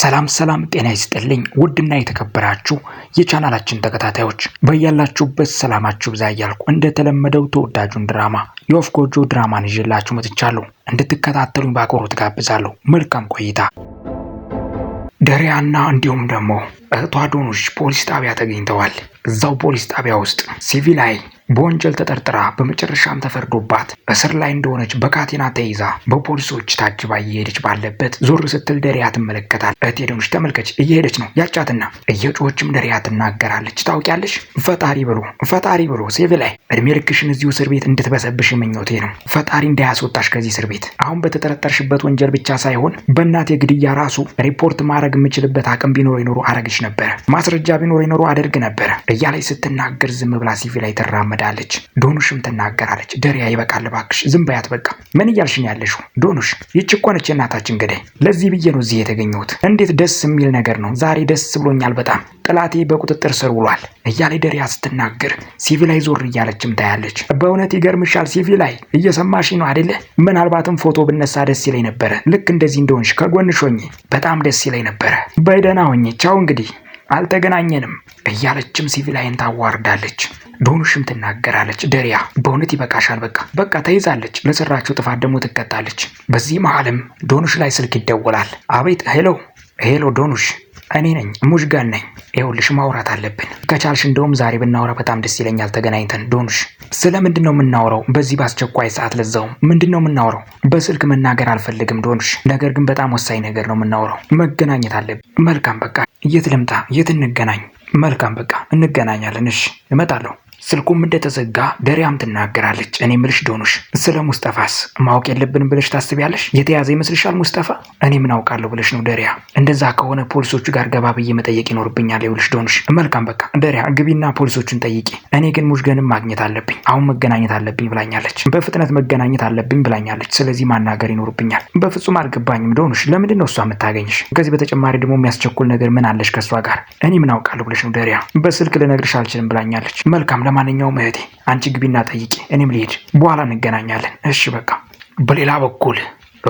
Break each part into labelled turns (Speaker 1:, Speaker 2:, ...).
Speaker 1: ሰላም ሰላም ጤና ይስጥልኝ ውድና የተከበራችሁ የቻናላችን ተከታታዮች በያላችሁበት ሰላማችሁ ብዛ እያልኩ እንደተለመደው ተወዳጁን ድራማ የወፍ ጎጆ ድራማን ይዤላችሁ መጥቻለሁ። እንድትከታተሉኝ በአክብሮት ትጋብዛለሁ። መልካም ቆይታ። ደሪያና እንዲሁም ደግሞ እህቷ ዶኖች ፖሊስ ጣቢያ ተገኝተዋል። እዛው ፖሊስ ጣቢያ ውስጥ ሲቪል አይ በወንጀል ተጠርጥራ በመጨረሻም ተፈርዶባት እስር ላይ እንደሆነች በካቴና ተይዛ በፖሊሶች ታጅባ እየሄደች ባለበት ዞር ስትል ደሪያ ትመለከታል። እህቴ ደኖች ተመልከች እየሄደች ነው ያጫትና እየጮችም ደሪያ ትናገራለች። ታውቂያለሽ ፈጣሪ ብሎ ፈጣሪ ብሎ ሴቪ ላይ እድሜ ልክሽን እዚሁ እስር ቤት እንድትበሰብሽ ምኞቴ ነው። ፈጣሪ እንዳያስወጣሽ ከዚህ እስር ቤት አሁን በተጠረጠርሽበት ወንጀል ብቻ ሳይሆን በእናቴ ግድያ ራሱ ሪፖርት ማድረግ የምችልበት አቅም ቢኖር ይኖሩ አረግሽ ነበረ። ማስረጃ ቢኖር ይኖሩ አደርግ ነበረ። እያለች ስትናገር ዝም ብላ ሲቪ ላይ ትራመዳለች። ዶኑሽም ትናገራለች። ደሪያ ይበቃል እባክሽ፣ ዝም በያት በቃ። ምን እያልሽ ነው ያለሽው? ዶኑሽ ይቺ እኮ ነች የእናታችን ገዳይ። ለዚህ ብዬ ነው እዚህ የተገኘሁት። እንዴት ደስ የሚል ነገር ነው። ዛሬ ደስ ብሎኛል በጣም ጥላቴ በቁጥጥር ስር ውሏል እያለች ደሪያ ስትናገር ሲቪ ላይ ዞር እያለችም ታያለች። በእውነት ይገርምሻል ሲቪ ላይ እየሰማሽ ነው አደለ? ምናልባትም ፎቶ ብነሳ ደስ ይለኝ ነበረ። ልክ እንደዚህ እንደሆንሽ ከጎንሽ ሆኜ በጣም ደስ ይለኝ ነበረ። በደህና ሆኜ ቻው እንግዲህ አልተገናኘንም እያለችም ሲቪላይን ታዋርዳለች። ዶኑሽም ትናገራለች። ደሪያ በእውነት ይበቃሻል፣ በቃ በቃ ተይዛለች። ለሰራችው ጥፋት ደግሞ ትቀጣለች። በዚህ መሀልም ዶኑሽ ላይ ስልክ ይደወላል። አቤት ሄሎ ሄሎ ዶኑሽ እኔ ነኝ ሙጅጋን ነኝ። ይኸውልሽ ማውራት አለብን። ከቻልሽ እንደውም ዛሬ ብናወራ በጣም ደስ ይለኛል። ተገናኝተን ዶኑሽ፣ ስለ ምንድን ነው የምናወራው? በዚህ በአስቸኳይ ሰዓት ለዛውም። ምንድን ነው የምናወራው? በስልክ መናገር አልፈልግም ዶኑሽ፣ ነገር ግን በጣም ወሳኝ ነገር ነው የምናወራው። መገናኘት አለብን። መልካም በቃ የት ልምጣ? የት እንገናኝ? መልካም በቃ እንገናኛለን። እሺ እመጣለሁ። ስልኩም እንደተዘጋ ደሪያም ትናገራለች። እኔ ምልሽ ዶኑሽ፣ ስለ ሙስጠፋስ ማወቅ የለብንም ብለሽ ታስቢያለሽ? የተያዘ ይመስልሻል ሙስጠፋ? እኔ ምን አውቃለሁ ብለሽ ነው ደሪያ? እንደዛ ከሆነ ፖሊሶቹ ጋር ገባ ብዬ መጠየቅ ይኖርብኛል። ይኸውልሽ ዶኑሽ፣ መልካም በቃ ደሪያ ግቢና ፖሊሶቹን ጠይቂ። እኔ ግን ሙሽገንም ማግኘት አለብኝ። አሁን መገናኘት አለብኝ ብላኛለች። በፍጥነት መገናኘት አለብኝ ብላኛለች። ስለዚህ ማናገር ይኖርብኛል። በፍጹም አልገባኝም ዶኑሽ፣ ለምንድን ነው እሷ የምታገኝሽ? ከዚህ በተጨማሪ ደግሞ የሚያስቸኩል ነገር ምን አለሽ ከእሷ ጋር? እኔ ምን አውቃለሁ ብለሽ ነው ደሪያ? በስልክ ልነግርሽ አልችልም ብላኛለች። መልካም ለማንኛውም እህቴ አንቺ ግቢና ጠይቂ፣ እኔም ልሄድ፣ በኋላ እንገናኛለን። እሺ በቃ። በሌላ በኩል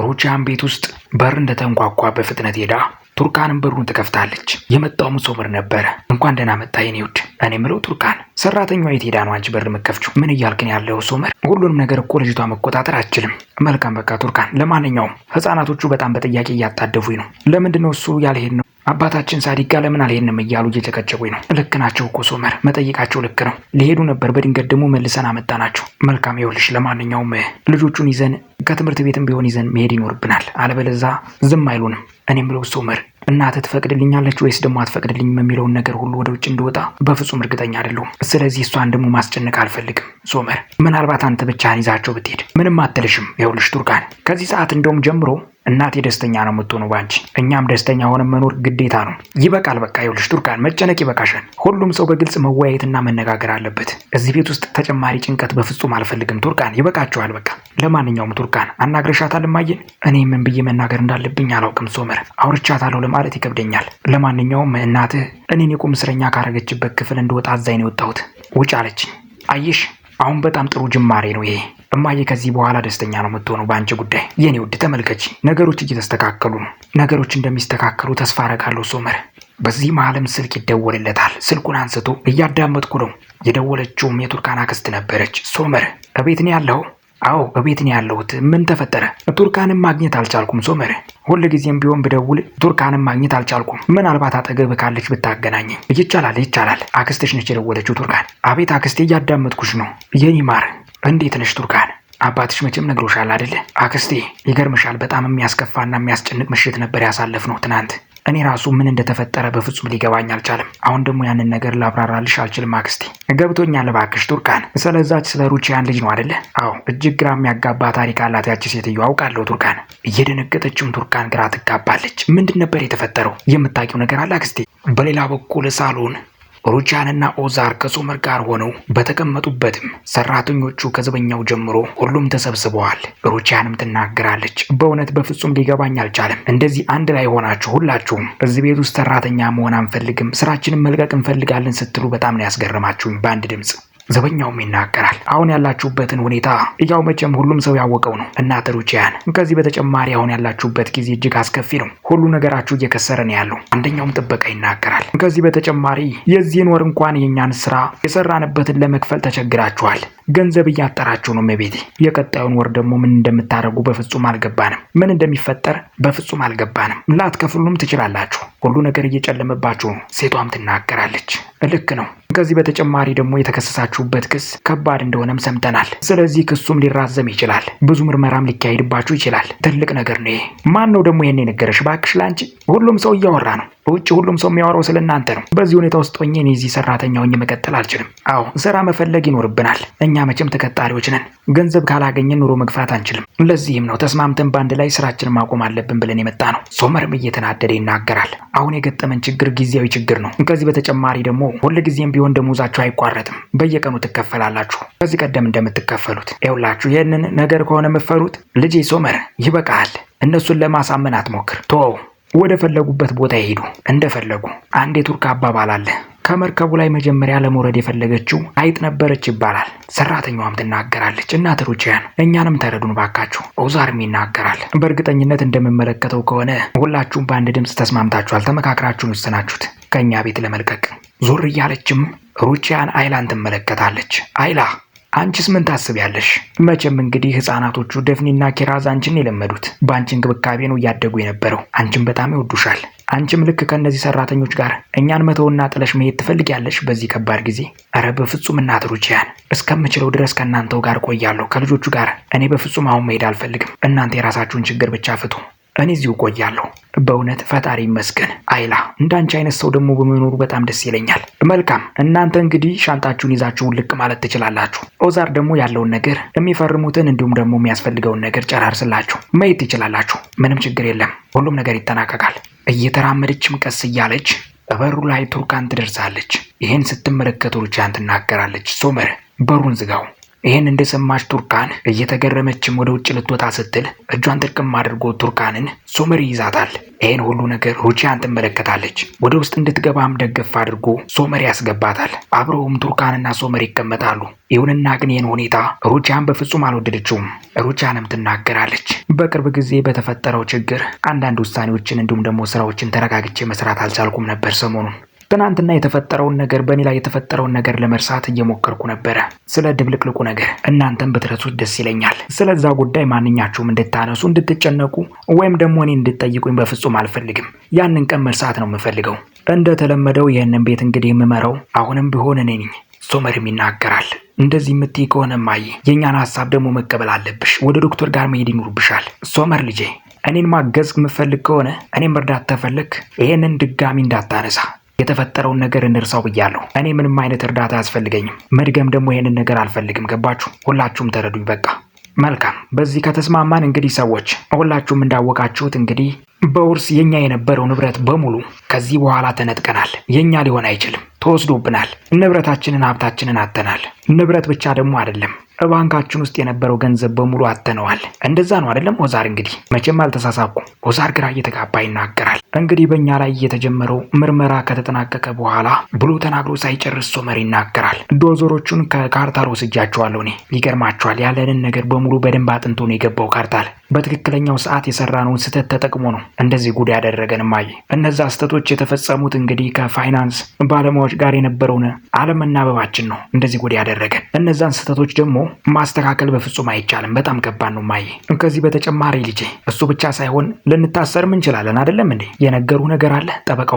Speaker 1: ሩቺያን ቤት ውስጥ በር እንደተንኳኳ በፍጥነት ሄዳ ቱርካንም በሩን ትከፍታለች። የመጣውም ሶመር ነበረ። እንኳን ደህና መጣ የኔ ውድ። እኔ ምለው ቱርካን፣ ሰራተኛዋ የት ሄዳ ነው አንቺ በር የምትከፍችው? ምን እያልክን ያለው ሶመር? ሁሉንም ነገር እኮ ልጅቷ መቆጣጠር አችልም። መልካም በቃ ቱርካን፣ ለማንኛውም ህፃናቶቹ በጣም በጥያቄ እያጣደፉኝ ነው። ለምንድን ነው እሱ ያልሄድ ነው አባታችን ሳዲቅ ጋ ለምን አልሄድንም እያሉ እየጨቀጨቁኝ ነው። ልክ ናቸው እኮ ሶመር፣ መጠየቃቸው ልክ ነው። ሊሄዱ ነበር፣ በድንገት ደግሞ መልሰን አመጣናቸው። መልካም ይኸውልሽ፣ ለማንኛውም ልጆቹን ይዘን ከትምህርት ቤትም ቢሆን ይዘን መሄድ ይኖርብናል። አለበለዛ ዝም አይሉንም። እኔም ብለው ሶመር፣ እናትህ ትፈቅድልኛለች ወይስ ደግሞ አትፈቅድልኝም የሚለውን ነገር ሁሉ ወደ ውጭ እንደወጣ በፍጹም እርግጠኛ አይደለሁም። ስለዚህ እሷን ደግሞ ማስጨነቅ አልፈልግም። ሶመር፣ ምናልባት አንተ ብቻህን ይዛቸው ብትሄድ ምንም አትልሽም። ይኸውልሽ ቱርካን፣ ከዚህ ሰዓት እንደውም ጀምሮ እናቴ ደስተኛ ነው የምትሆነው ባንቺ። እኛም ደስተኛ ሆነ መኖር ግዴታ ነው። ይበቃል። በቃ ይኸውልሽ ቱርካን መጨነቅ ይበቃሻል። ሁሉም ሰው በግልጽ መወያየትና መነጋገር አለበት። እዚህ ቤት ውስጥ ተጨማሪ ጭንቀት በፍጹም አልፈልግም። ቱርካን ይበቃቸዋል። በቃ ለማንኛውም ቱርካን አናግረሻታል? እማዬ እኔ ምን ብዬ መናገር እንዳለብኝ አላውቅም። ሶመር አውርቻታለሁ ለማለት ይከብደኛል። ለማንኛውም እናትህ እኔን የቁም እስረኛ ካረገችበት ክፍል እንደወጣ አዛኝ ነው የወጣሁት። ውጭ አለችኝ። አየሽ አሁን በጣም ጥሩ ጅማሬ ነው ይሄ። እማዬ ከዚህ በኋላ ደስተኛ ነው የምትሆነው በአንቺ ጉዳይ። የኔ ውድ ተመልከች፣ ነገሮች እየተስተካከሉ ነው። ነገሮች እንደሚስተካከሉ ተስፋ አረጋለሁ ሶመር። በዚህ መሀልም ስልክ ይደወልለታል። ስልኩን አንስቶ እያዳመጥኩ ነው። የደወለችውም የቱርካን አክስት ነበረች። ሶመር እቤት ነው ያለው? አዎ እቤት ነው ያለሁት። ምን ተፈጠረ? ቱርካንም ማግኘት አልቻልኩም ሶመር። ጊዜም ቢሆን ብደውል ቱርካንም ማግኘት አልቻልኩም። ምናልባት አጠገብ ካለች ብታገናኘኝ። ይቻላል ይቻላል። አክስትሽ ነች የደወለችው ቱርካን። አቤት አክስቴ፣ እያዳመጥኩሽ ነው የኔ ማር እንዴት ነሽ ቱርካን? አባትሽ መቼም ነግሮሻል አደለ? አክስቴ ይገርምሻል፣ በጣም የሚያስከፋና የሚያስጨንቅ ምሽት ነበር ያሳለፍነው ትናንት። እኔ ራሱ ምን እንደተፈጠረ በፍጹም ሊገባኝ አልቻለም። አሁን ደግሞ ያንን ነገር ላብራራልሽ አልችልም አክስቴ። ገብቶኛል እባክሽ ቱርካን። ስለዛች ስለ ሩቺያን ልጅ ነው አደለ? አዎ፣ እጅግ ግራ የሚያጋባ ታሪክ አላት ያቺ ሴትዮ። አውቃለሁ ቱርካን። እየደነገጠችም ቱርካን ግራ ትጋባለች። ምንድን ነበር የተፈጠረው? የምታውቂው ነገር አለ አክስቴ? በሌላ በኩል ሳሎን ሩቻንና ኦዛር ከሶመር ጋር ሆነው በተቀመጡበትም ሰራተኞቹ ከዘበኛው ጀምሮ ሁሉም ተሰብስበዋል። ሩቻንም ትናገራለች፣ በእውነት በፍጹም ሊገባኝ አልቻለም። እንደዚህ አንድ ላይ ሆናችሁ ሁላችሁም እዚህ ቤት ውስጥ ሰራተኛ መሆን አንፈልግም፣ ስራችንን መልቀቅ እንፈልጋለን ስትሉ በጣም ነው ያስገረማችሁኝ በአንድ ድምፅ ዘበኛውም ይናገራል። አሁን ያላችሁበትን ሁኔታ ያው መቼም ሁሉም ሰው ያወቀው ነው እና ተሩቺያን፣ ከዚህ በተጨማሪ አሁን ያላችሁበት ጊዜ እጅግ አስከፊ ነው። ሁሉ ነገራችሁ እየከሰረ ነው ያለው። አንደኛውም ጥበቃ ይናገራል። ከዚህ በተጨማሪ የዚህን ወር እንኳን የእኛን ስራ የሰራንበትን ለመክፈል ተቸግራችኋል። ገንዘብ እያጠራችሁ ነው መቤቴ። የቀጣዩን ወር ደግሞ ምን እንደምታደርጉ በፍጹም አልገባንም። ምን እንደሚፈጠር በፍጹም አልገባንም። ላትከፍሉም ትችላላችሁ። ሁሉ ነገር እየጨለመባችሁ ነው። ሴቷም ትናገራለች። ልክ ነው። ከዚህ በተጨማሪ ደግሞ የተከሰሳችሁበት ክስ ከባድ እንደሆነም ሰምተናል። ስለዚህ ክሱም ሊራዘም ይችላል። ብዙ ምርመራም ሊካሄድባችሁ ይችላል። ትልቅ ነገር ነው ይሄ። ማን ነው ደግሞ ይሄን የነገረሽ? እባክሽ ለአንቺ ሁሉም ሰው እያወራ ነው። በውጭ ሁሉም ሰው የሚያወራው ስለ እናንተ ነው። በዚህ ሁኔታ ውስጥ ሆኜ እኔ እዚህ ሰራተኛ ሆኜ መቀጠል አልችልም። አዎ ስራ መፈለግ ይኖርብናል። እኛ መቼም ተቀጣሪዎች ነን። ገንዘብ ካላገኘን ኑሮ መግፋት አንችልም። ለዚህም ነው ተስማምተን በአንድ ላይ ስራችንን ማቆም አለብን ብለን የመጣ ነው። ሶመርም እየተናደደ ይናገራል። አሁን የገጠመን ችግር ጊዜያዊ ችግር ነው። ከዚህ በተጨማሪ ደግሞ ሁልጊዜም ቢሆን ደሞዛችሁ አይቋረጥም። በየቀኑ ትከፈላላችሁ ከዚህ ቀደም እንደምትከፈሉት። ይኸውላችሁ ይህንን ነገር ከሆነ የምትፈሩት ልጄ ሶመር ይበቃል። እነሱን ለማሳመን አትሞክር፣ ተወው። ወደ ፈለጉበት ቦታ ይሄዱ እንደፈለጉ። አንድ የቱርክ አባባል አለ። ከመርከቡ ላይ መጀመሪያ ለመውረድ የፈለገችው አይጥ ነበረች ይባላል። ሰራተኛዋም ትናገራለች፣ እናት ሩቺያን እኛንም ተረዱን ባካችሁ። ኦዛርም ይናገራል፣ በእርግጠኝነት እንደምመለከተው ከሆነ ሁላችሁም በአንድ ድምፅ ተስማምታችኋል፣ ተመካክራችሁን ወሰናችሁት ከእኛ ቤት ለመልቀቅ። ዞር እያለችም ሩቺያን አይላን ትመለከታለች። አይላ አንቺስ ምን ታስቢያለሽ? መቼም እንግዲህ ህጻናቶቹ ደፍኒና ኪራዝ አንቺን የለመዱት በአንቺ እንክብካቤ ነው እያደጉ የነበረው። አንቺን በጣም ይወዱሻል። አንቺም ልክ ከእነዚህ ሰራተኞች ጋር እኛን መተውና ጥለሽ መሄድ ትፈልጊያለሽ በዚህ ከባድ ጊዜ? እረ በፍጹም እናት ሩቺያን፣ እስከምችለው ድረስ ከእናንተው ጋር ቆያለሁ፣ ከልጆቹ ጋር። እኔ በፍጹም አሁን መሄድ አልፈልግም። እናንተ የራሳችሁን ችግር ብቻ ፍቱ። እኔ እዚሁ እቆያለሁ። በእውነት ፈጣሪ ይመስገን። አይላ እንዳንቺ አይነት ሰው ደግሞ በመኖሩ በጣም ደስ ይለኛል። መልካም፣ እናንተ እንግዲህ ሻንጣችሁን ይዛችሁን ልቅ ማለት ትችላላችሁ። ኦዛር ደግሞ ያለውን ነገር የሚፈርሙትን፣ እንዲሁም ደግሞ የሚያስፈልገውን ነገር ጨራርስላችሁ መየት ትችላላችሁ። ምንም ችግር የለም። ሁሉም ነገር ይጠናቀቃል። እየተራመደችም ቀስ እያለች በሩ ላይ ቱርካን ትደርሳለች። ይህን ስትመለከቱ ሩቻን ትናገራለች። ሶመር በሩን ዝጋው ይህን እንደሰማች ቱርካን እየተገረመችም ወደ ውጭ ልትወጣ ስትል እጇን ጥርቅም አድርጎ ቱርካንን ሶመሪ ይይዛታል። ይህን ሁሉ ነገር ሩቺያን ትመለከታለች። ወደ ውስጥ እንድትገባም ደገፍ አድርጎ ሶመሪ ያስገባታል። አብረውም ቱርካንና ሶመሪ ይቀመጣሉ። ይሁንና ግን ይህን ሁኔታ ሩቺያን በፍጹም አልወደደችውም። ሩቺያንም ትናገራለች። በቅርብ ጊዜ በተፈጠረው ችግር አንዳንድ ውሳኔዎችን እንዲሁም ደግሞ ስራዎችን ተረጋግቼ መስራት አልቻልኩም ነበር ሰሞኑን ትናንትና የተፈጠረውን ነገር በእኔ ላይ የተፈጠረውን ነገር ለመርሳት እየሞከርኩ ነበረ። ስለ ድብልቅልቁ ነገር እናንተም ብትረሱት ደስ ይለኛል። ስለዛ ጉዳይ ማንኛችሁም እንድታነሱ እንድትጨነቁ፣ ወይም ደግሞ እኔ እንድጠይቁኝ በፍጹም አልፈልግም። ያንን ቀን መርሳት ነው የምፈልገው። እንደተለመደው ይህንን ቤት እንግዲህ የምመራው አሁንም ቢሆን እኔ ነኝ። ሶመርም ይናገራል። እንደዚህ የምትይ ከሆነ ማየ የእኛን ሀሳብ ደግሞ መቀበል አለብሽ። ወደ ዶክተር ጋር መሄድ ይኖርብሻል። ሶመር ልጄ፣ እኔን ማገዝ የምፈልግ ከሆነ እኔም እርዳት ተፈልግ፣ ይህንን ድጋሚ እንዳታነሳ የተፈጠረውን ነገር እንርሳው ብያለሁ። እኔ ምንም አይነት እርዳታ አያስፈልገኝም። መድገም ደግሞ ይሄንን ነገር አልፈልግም። ገባችሁ? ሁላችሁም ተረዱኝ። በቃ መልካም። በዚህ ከተስማማን እንግዲህ ሰዎች ሁላችሁም እንዳወቃችሁት እንግዲህ በውርስ የኛ የነበረው ንብረት በሙሉ ከዚህ በኋላ ተነጥቀናል። የኛ ሊሆን አይችልም። ተወስዶብናል። ንብረታችንን፣ ሀብታችንን አተናል። ንብረት ብቻ ደግሞ አይደለም ባንካችን ውስጥ የነበረው ገንዘብ በሙሉ አተነዋል። እንደዛ ነው አይደለም ኦዛር? እንግዲህ መቼም አልተሳሳኩም። ኦዛር ግራ እየተጋባ ይናገራል። እንግዲህ በእኛ ላይ የተጀመረው ምርመራ ከተጠናቀቀ በኋላ ብሎ ተናግሮ ሳይጨርስ ሶመር ይናገራል። ዶዞሮቹን ከካርታል ወስጃቸዋለሁ። እኔ ይገርማቸዋል። ያለንን ነገር በሙሉ በደንብ አጥንቶ ነው የገባው ካርታል። በትክክለኛው ሰዓት የሰራነውን ስህተት ተጠቅሞ ነው እንደዚህ ጉድ ያደረገን ማይ እነዛ ስህተቶች የተፈጸሙት እንግዲህ ከፋይናንስ ባለሙያዎች ጋር የነበረውን አለመናበባችን ነው እንደዚህ ጉድ ያደረገን። እነዛን ስህተቶች ደግሞ ማስተካከል በፍጹም አይቻልም። በጣም ከባድ ነው ማይ። ከዚህ በተጨማሪ ልጄ እሱ ብቻ ሳይሆን ልንታሰርም እንችላለን። አይደለም እንዴ? የነገሩ ነገር አለ፣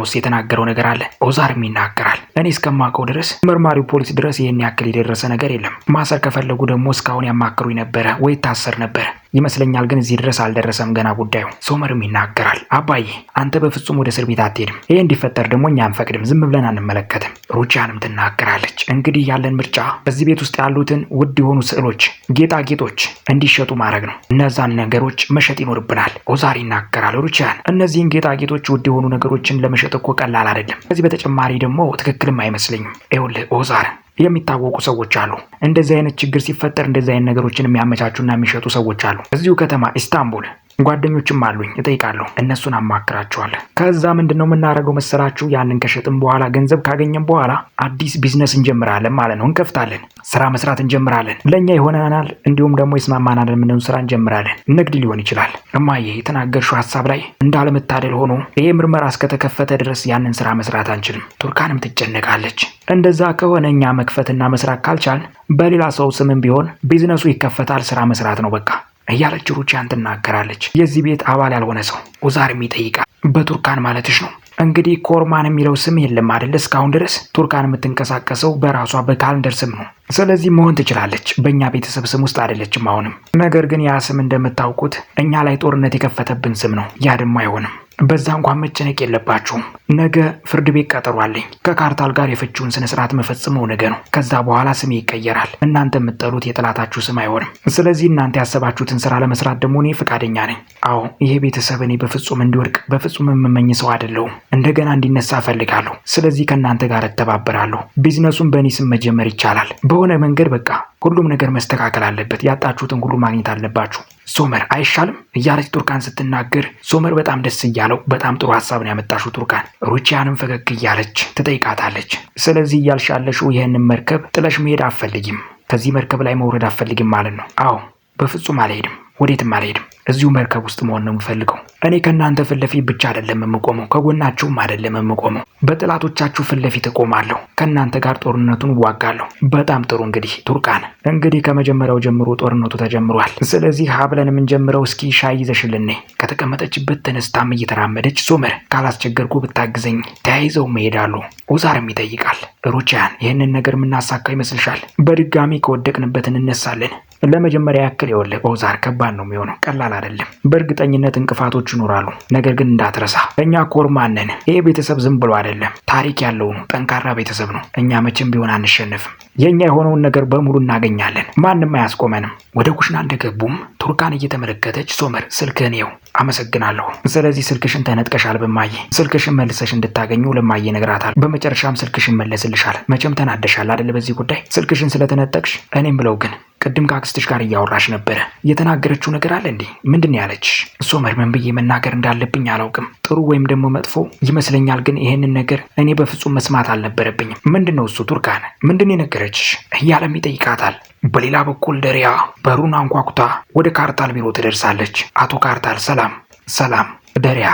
Speaker 1: ውስጥ የተናገረው ነገር አለ፣ ኦዛርም ይናገራል። እኔ እስከማውቀው ድረስ መርማሪው ፖሊስ ድረስ ይህን ያክል የደረሰ ነገር የለም። ማሰር ከፈለጉ ደግሞ እስካሁን ያማክሩኝ ነበረ ወይ ታሰር ነበረ ይመስለኛል፣ ግን እዚህ ድረስ አልደረሰም ገና ጉዳዩ። ሶመርም ይናገራል። አባዬ አንተ በፍጹም ወደ እስር ቤት አትሄድም። ይሄ እንዲፈጠር ደግሞ እኛ አንፈቅድም፣ ዝም ብለን አንመለከትም። ሩቺያንም ትናገራለች። እንግዲህ ያለን ምርጫ በዚህ ቤት ውስጥ ያሉትን ውድ የሆኑ ስዕሎች፣ ጌጣጌጦች እንዲሸጡ ማድረግ ነው። እነዛን ነገሮች መሸጥ ይኖርብናል። ኦዛር ይናገራል። ሩቺያን እነዚህን ጌጣጌጦች፣ ውድ የሆኑ ነገሮችን ለመሸጥ እኮ ቀላል አይደለም። ከዚህ በተጨማሪ ደግሞ ትክክልም አይመስለኝም። ይኸውልህ ኦዛር የሚታወቁ ሰዎች አሉ። እንደዚህ አይነት ችግር ሲፈጠር እንደዚህ አይነት ነገሮችን የሚያመቻቹና የሚሸጡ ሰዎች አሉ። እዚሁ ከተማ ኢስታንቡል ጓደኞችም አሉኝ እጠይቃለሁ፣ እነሱን አማክራቸዋል። ከዛ ምንድን ነው የምናደርገው መሰላችሁ? ያንን ከሸጥም በኋላ ገንዘብ ካገኘም በኋላ አዲስ ቢዝነስ እንጀምራለን ማለት ነው። እንከፍታለን፣ ስራ መስራት እንጀምራለን። ለእኛ ይሆነናል፣ እንዲሁም ደግሞ ይስማማናል የምንሆን ስራ እንጀምራለን። ንግድ ሊሆን ይችላል። እማዬ የተናገርሽው ሀሳብ ላይ እንዳለመታደል ሆኖ ይህ ምርመራ እስከተከፈተ ድረስ ያንን ስራ መስራት አንችልም። ቱርካንም ትጨነቃለች። እንደዛ ከሆነ እኛ መክፈትና መስራት ካልቻልን በሌላ ሰው ስምም ቢሆን ቢዝነሱ ይከፈታል። ስራ መስራት ነው በቃ እያለች ሩቺያን ትናገራለች። የዚህ ቤት አባል ያልሆነ ሰው ኦዛርም ይጠይቃል። በቱርካን ማለትሽ ነው እንግዲህ ኮርማን የሚለው ስም የለም አደለ እስካሁን ድረስ ቱርካን የምትንቀሳቀሰው በራሷ በካልንደር ስም ነው። ስለዚህ መሆን ትችላለች። በእኛ ቤተሰብ ስም ውስጥ አይደለችም አሁንም። ነገር ግን ያ ስም እንደምታውቁት እኛ ላይ ጦርነት የከፈተብን ስም ነው። ያ ደግሞ አይሆንም። በዛ እንኳን መጨነቅ የለባችሁም። ነገ ፍርድ ቤት ቀጠሮ አለኝ። ከካርታል ጋር የፍቺውን ስነ ስርዓት መፈጽመው ነገ ነው። ከዛ በኋላ ስሜ ይቀየራል። እናንተ የምትጠሉት የጠላታችሁ ስም አይሆንም። ስለዚህ እናንተ ያሰባችሁትን ስራ ለመስራት ደግሞ እኔ ፈቃደኛ ነኝ። አዎ ይሄ ቤተሰብ እኔ በፍጹም እንዲወድቅ በፍጹም የምመኝ ሰው አይደለሁም። እንደገና እንዲነሳ እፈልጋለሁ። ስለዚህ ከእናንተ ጋር እተባበራለሁ። ቢዝነሱን በእኔ ስም መጀመር ይቻላል። በሆነ መንገድ በቃ ሁሉም ነገር መስተካከል አለበት፣ ያጣችሁትን ሁሉ ማግኘት አለባችሁ። ሶመር አይሻልም እያለች ቱርካን ስትናገር ሶመር በጣም ደስ እያለው በጣም ጥሩ ሀሳብ ነው ያመጣሽው ቱርካን። ሩቺያንም ፈገግ እያለች ትጠይቃታለች። ስለዚህ እያልሽ ይህንን መርከብ ጥለሽ መሄድ አትፈልጊም፣ ከዚህ መርከብ ላይ መውረድ አፈልግም ማለት ነው? አዎ፣ በፍጹም አልሄድም፣ ወዴትም አልሄድም። እዚሁ መርከብ ውስጥ መሆን ነው የምፈልገው። እኔ ከእናንተ ፊት ለፊት ብቻ አይደለም የምቆመው፣ ከጎናችሁም አይደለም የምቆመው። በጠላቶቻችሁ ፊት ለፊት እቆማለሁ፣ ከእናንተ ጋር ጦርነቱን እዋጋለሁ። በጣም ጥሩ። እንግዲህ ቱርካን፣ እንግዲህ ከመጀመሪያው ጀምሮ ጦርነቱ ተጀምሯል። ስለዚህ ሀብለን የምንጀምረው እስኪ ሻይ ይዘሽልን። ከተቀመጠችበት ተነስታም እየተራመደች ሶመር፣ ካላስቸገርኩ ብታግዘኝ። ተያይዘው መሄዳሉ። ኦዛርም ይጠይቃል፣ ሩቺያን፣ ይህንን ነገር የምናሳካ ይመስልሻል? በድጋሚ ከወደቅንበት እንነሳለን። ለመጀመሪያ ያክል የወለቀው ኦዛር፣ ከባድ ነው የሚሆነው ቀላል አይደለም። በእርግጠኝነት እንቅፋቶች ይኖራሉ፣ ነገር ግን እንዳትረሳ እኛ ኮርማነን። ይህ ቤተሰብ ዝም ብሎ አይደለም፣ ታሪክ ያለው ነው። ጠንካራ ቤተሰብ ነው። እኛ መቼም ቢሆን አንሸነፍም። የእኛ የሆነውን ነገር በሙሉ እናገኛለን። ማንም አያስቆመንም። ወደ ኩሽና እንደገቡም ቱርካን እየተመለከተች ሶመር ስልክህን ይኸው፣ አመሰግናለሁ። ስለዚህ ስልክሽን ተነጥቀሻል በማየ ስልክሽን መልሰሽ እንድታገኘው ለማዬ ይነግራታል። በመጨረሻም ስልክሽን መለስልሻል። መቼም ተናደሻል አይደል በዚህ ጉዳይ ስልክሽን ስለተነጠቅሽ። እኔም ብለው ግን ቅድም ከአክስትሽ ጋር እያወራሽ ነበረ። የተናገረችው ነገር አለ እንዴ? ምንድን ያለች? ሶመር ምን ብዬ መናገር እንዳለብኝ አላውቅም። ጥሩ ወይም ደግሞ መጥፎ ይመስለኛል፣ ግን ይሄንን ነገር እኔ በፍጹም መስማት አልነበረብኝም። ምንድን ነው እሱ? ቱርካን ምንድን ነው የነገረችሽ? እያለም ይጠይቃታል። በሌላ በኩል ደሪያ በሩን አንኳኩታ ወደ ካርታል ቢሮ ትደርሳለች። አቶ ካርታል፣ ሰላም ሰላም። ደሪያ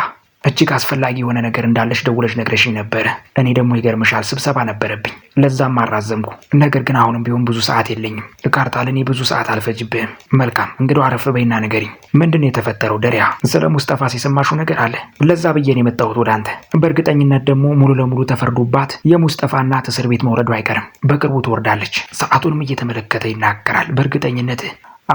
Speaker 1: እጅግ አስፈላጊ የሆነ ነገር እንዳለች ደውለች ነግረሽኝ ነበረ። እኔ ደግሞ ይገርምሻል ስብሰባ ነበረብኝ፣ ለዛም አራዘምኩ። ነገር ግን አሁንም ቢሆን ብዙ ሰዓት የለኝም። ካርታል፣ እኔ ብዙ ሰዓት አልፈጅብህም። መልካም እንግዲህ አረፍ በይና ንገሪኝ፣ ምንድን ነው የተፈጠረው? ደሪያ፣ ስለ ሙስጠፋ ሲሰማሹ ነገር አለ? ለዛ ብዬን የመጣሁት ወደ አንተ። በእርግጠኝነት ደግሞ ሙሉ ለሙሉ ተፈርዶባት የሙስጠፋ እናት እስር ቤት መውረዱ አይቀርም። በቅርቡ ትወርዳለች። ሰዓቱንም እየተመለከተ ይናገራል። በእርግጠኝነት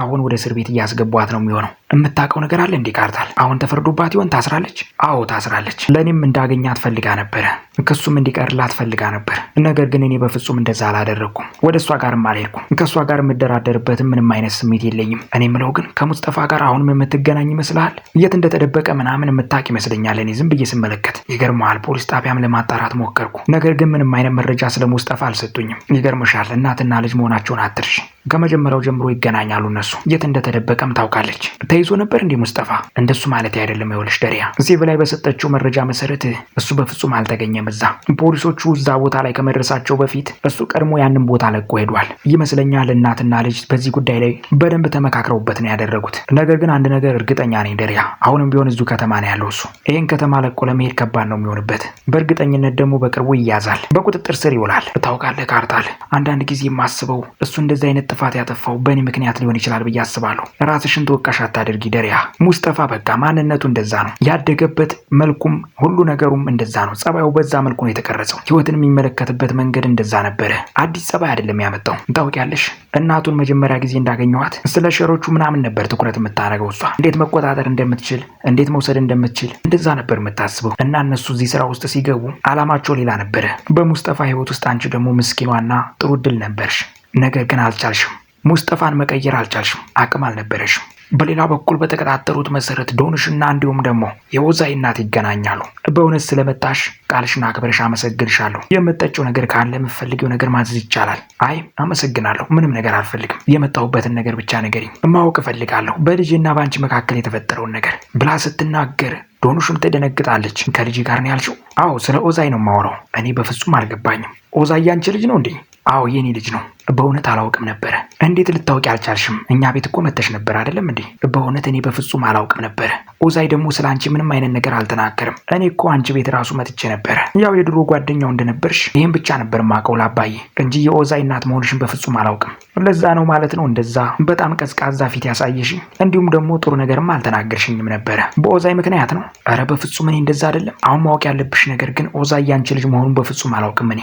Speaker 1: አሁን ወደ እስር ቤት እያስገቧት ነው የሚሆነው። የምታውቀው ነገር አለ እንዴ ካርታል? አሁን ተፈርዶባት ይሆን? ታስራለች? አዎ ታስራለች። ለእኔም እንዳገኛት ፈልጋ ነበረ፣ ከሱም እንዲቀርላት ፈልጋ ነበር። ነገር ግን እኔ በፍጹም እንደዛ አላደረግኩም። ወደ እሷ ጋርም አልሄድኩም። ከእሷ ጋር የምደራደርበትም ምንም አይነት ስሜት የለኝም። እኔ ምለው ግን ከሙስጠፋ ጋር አሁንም የምትገናኝ ይመስልሃል? የት እንደተደበቀ ምናምን የምታቅ ይመስለኛል። እኔ ዝም ብዬ ስመለከት ይገርመዋል ፖሊስ ጣቢያም ለማጣራት ሞከርኩ፣ ነገር ግን ምንም አይነት መረጃ ስለ ሙስጠፋ አልሰጡኝም። ይገርምሻል፣ እናትና ልጅ መሆናቸውን አትርሽ። ከመጀመሪያው ጀምሮ ይገናኛሉ። እነሱ የት እንደተደበቀም ታውቃለች። ተይዞ ነበር እንዴ ሙስጠፋ? እንደሱ ማለት አይደለም። ይኸውልሽ ደሪያ እዚህ በላይ በሰጠችው መረጃ መሰረት እሱ በፍጹም አልተገኘም እዛ። ፖሊሶቹ እዛ ቦታ ላይ ከመድረሳቸው በፊት እሱ ቀድሞ ያንን ቦታ ለቆ ሄዷል ይመስለኛል። እናትና ልጅ በዚህ ጉዳይ ላይ በደንብ ተመካክረውበት ነው ያደረጉት። ነገር ግን አንድ ነገር እርግጠኛ ነኝ ደሪያ፣ አሁንም ቢሆን እዚሁ ከተማ ነው ያለው እሱ። ይህን ከተማ ለቆ ለመሄድ ከባድ ነው የሚሆንበት። በእርግጠኝነት ደግሞ በቅርቡ ይያዛል፣ በቁጥጥር ስር ይውላል። ታውቃለ ካርታል፣ አንዳንድ ጊዜ የማስበው እሱ እንደዚህ አይነት ጥፋት ያጠፋው በእኔ ምክንያት ሊሆን ይችላል ብዬ አስባለሁ። ራስሽን ተወቃሽ አታ አድርጊ ደሪያ። ሙስጠፋ በቃ ማንነቱ እንደዛ ነው ያደገበት፣ መልኩም ሁሉ ነገሩም እንደዛ ነው። ጸባዩ በዛ መልኩ ነው የተቀረጸው። ህይወትን የሚመለከትበት መንገድ እንደዛ ነበረ። አዲስ ጸባይ አይደለም ያመጣው። ታውቂያለሽ፣ እናቱን መጀመሪያ ጊዜ እንዳገኘኋት ስለ ሸሮቹ ምናምን ነበር ትኩረት የምታደርገው። እሷ እንዴት መቆጣጠር እንደምትችል እንዴት መውሰድ እንደምትችል እንደዛ ነበር የምታስበው። እና እነሱ እዚህ ስራ ውስጥ ሲገቡ አላማቸው ሌላ ነበረ። በሙስጠፋ ህይወት ውስጥ አንቺ ደግሞ ምስኪኗና ጥሩ ድል ነበርሽ። ነገር ግን አልቻልሽም። ሙስጠፋን መቀየር አልቻልሽም። አቅም አልነበረሽም። በሌላ በኩል በተቀጣጠሩት መሰረት ዶንሽና እንዲሁም ደግሞ የወዛይ እናት ይገናኛሉ። በእውነት ስለመጣሽ ቃልሽና አክብረሽ አመሰግንሻለሁ። የምጠጪው ነገር ካለ የምፈልገው ነገር ማዘዝ ይቻላል። አይ አመሰግናለሁ፣ ምንም ነገር አልፈልግም። የመጣሁበትን ነገር ብቻ ንገሪኝ፣ ማወቅ እፈልጋለሁ በልጅና በአንቺ መካከል የተፈጠረውን ነገር ብላ ስትናገር ዶኑሽም ትደነግጣለች። ከልጅ ጋር ነው ያልሽው? አዎ ስለ ኦዛይ ነው የማወራው። እኔ በፍጹም አልገባኝም። ኦዛይ ያንቺ ልጅ ነው እንዴ? አዎ የኔ ልጅ ነው። በእውነት አላውቅም ነበረ። እንዴት ልታውቂ አልቻልሽም? እኛ ቤት እኮ መተሽ ነበር አይደለም እንዴ? በእውነት እኔ በፍጹም አላውቅም ነበረ። ኦዛይ ደግሞ ስለ አንቺ ምንም አይነት ነገር አልተናገርም። እኔ እኮ አንቺ ቤት ራሱ መጥቼ ነበረ። ያው የድሮ ጓደኛው እንደነበርሽ ይህም ብቻ ነበር ማቀው ላባዬ እንጂ የኦዛይ እናት መሆንሽን በፍጹም አላውቅም። ለዛ ነው ማለት ነው እንደዛ በጣም ቀዝቃዛ ፊት ያሳየሽ፣ እንዲሁም ደግሞ ጥሩ ነገርም አልተናገርሽኝም ነበረ። በኦዛይ ምክንያት ነው? እረ በፍጹም እኔ እንደዛ አይደለም። አሁን ማወቅ ያለብሽ ነገር ግን ኦዛይ ያንቺ ልጅ መሆኑን በፍጹም አላውቅም እኔ።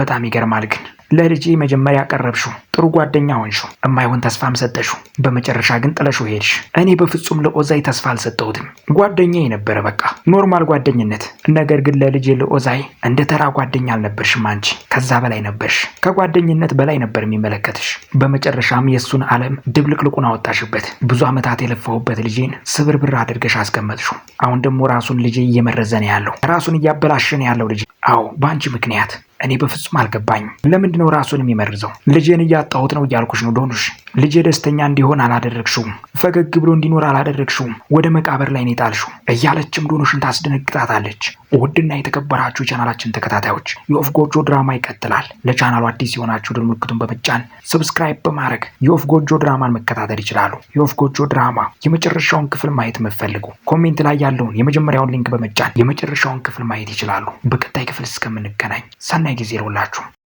Speaker 1: በጣም ይገርማል ግን ለልጄ መጀመሪያ ያቀረብሽው ጥሩ ጓደኛ ሆንሽው፣ እማይሆን ተስፋም ሰጠሽው። በመጨረሻ ግን ጥለሽው ሄድሽ። እኔ በፍጹም ለኦዛይ ተስፋ አልሰጠሁትም። ጓደኛ የነበረ በቃ ኖርማል ጓደኝነት። ነገር ግን ለልጄ ለኦዛይ እንደ ተራ ጓደኛ አልነበርሽም አንቺ፣ ከዛ በላይ ነበርሽ። ከጓደኝነት በላይ ነበር የሚመለከትሽ። በመጨረሻም የእሱን ዓለም ድብልቅልቁን አወጣሽበት። ብዙ ዓመታት የለፋሁበት ልጄን ስብርብር አድርገሽ አስቀመጥሽው። አሁን ደግሞ ራሱን ልጄ እየመረዘ ነው ያለው፣ ራሱን እያበላሸ ነው ያለው ልጄ። አዎ በአንቺ ምክንያት እኔ በፍጹም አልገባኝም። ለምንድነው ራሱን የሚመርዘው? ልጄን እያጣሁት ነው እያልኩሽ ነው ዶኑሽ ልጄ ደስተኛ እንዲሆን አላደረግሽውም፣ ፈገግ ብሎ እንዲኖር አላደረግሽውም፣ ወደ መቃብር ላይ ነው የጣልሽው እያለችም ዶኖሽን ታስደነግጣታለች። ውድና የተከበራችሁ ቻናላችን ተከታታዮች የወፍ ጎጆ ድራማ ይቀጥላል። ለቻናሉ አዲስ የሆናችሁ ድል ምልክቱን በመጫን ሰብስክራይብ በማድረግ የወፍ ጎጆ ድራማን መከታተል ይችላሉ። የወፍ ጎጆ ድራማ የመጨረሻውን ክፍል ማየት የምትፈልጉ ኮሜንት ላይ ያለውን የመጀመሪያውን ሊንክ በመጫን የመጨረሻውን ክፍል ማየት ይችላሉ። በቀጣይ ክፍል እስከምንገናኝ ሰናይ ጊዜ ይሁንላችሁ።